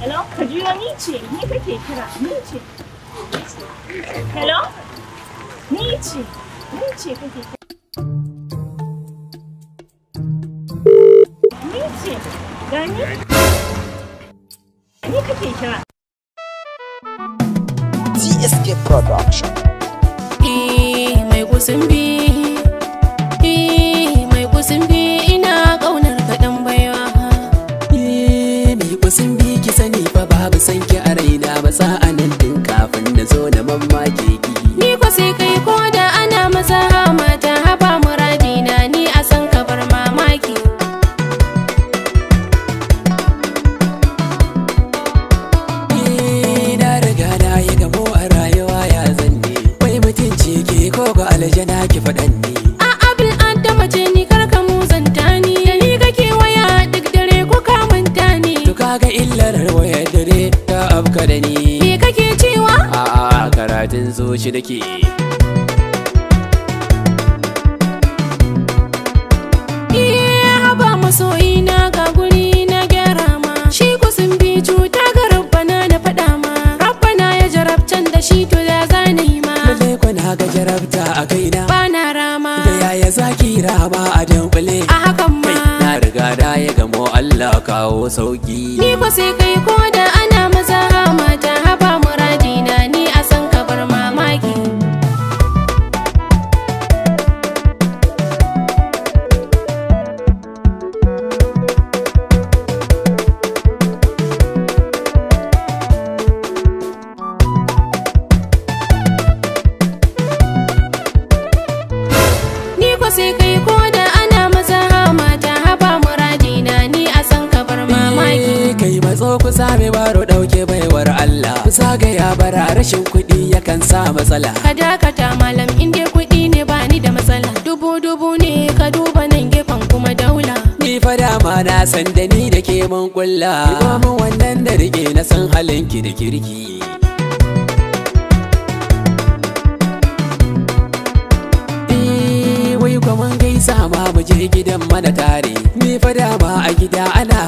Hello? Ka ni ce, ni kake kira, ni ce. Hello? Ni ce, ni ce kake kira. kira. Production. Eh, mai kusan biyu. afka da ni me kake cewa a'a karatun zuci nake eh, masoyi na ga guri na gyara ma shi kusin bi cuta ga rabbana da faɗa ma rabbana ya jarabtan da shi to da zani ma lallai kwana ga jarabta a kaina bana rama da yaya zaki rama a dunkule a hakan ma na riga da ya gamo Allah kawo sauki ni ko sai kai ko da so ku sami baro ɗauke baiwar Allah ku zagaya bara rashin kuɗi yakan sa matsala ka dakata malam in dai kuɗi ne ba ni da matsala dubu dubu ne ka duba nan gefen kuma daula ni fa dama na san da ni da ke mun kulla mun wannan da rike na san halin ki da kirki Kwaman gaisa ma mu je gidan mana tare ni fa dama a gida ana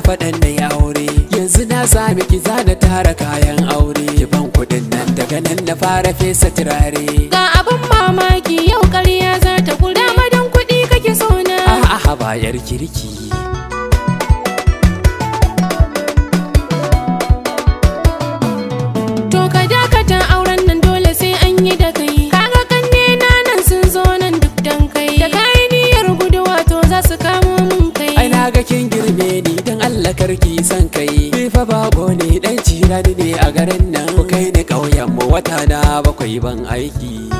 na sami ki zana tara kayan aure ban kudin nan daga nan na fara fesa turare ga abin mamaki yau karya za ta kula madan kuɗi kake so na a'a ba yar kirki to ka auren nan dole sai an yi da kai kaga kanne na nan sun zo nan duk dankai. da kai gudu wato za su kamo mun kai ai na ga kin girme ni dan Allah karki san kai ka ne dan cirani ne a garin nan kai ne ƙauyen mu wata na bakwai ban aiki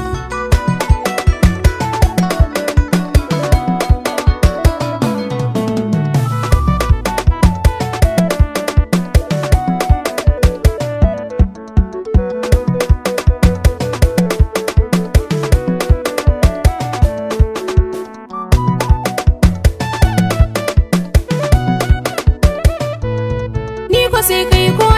você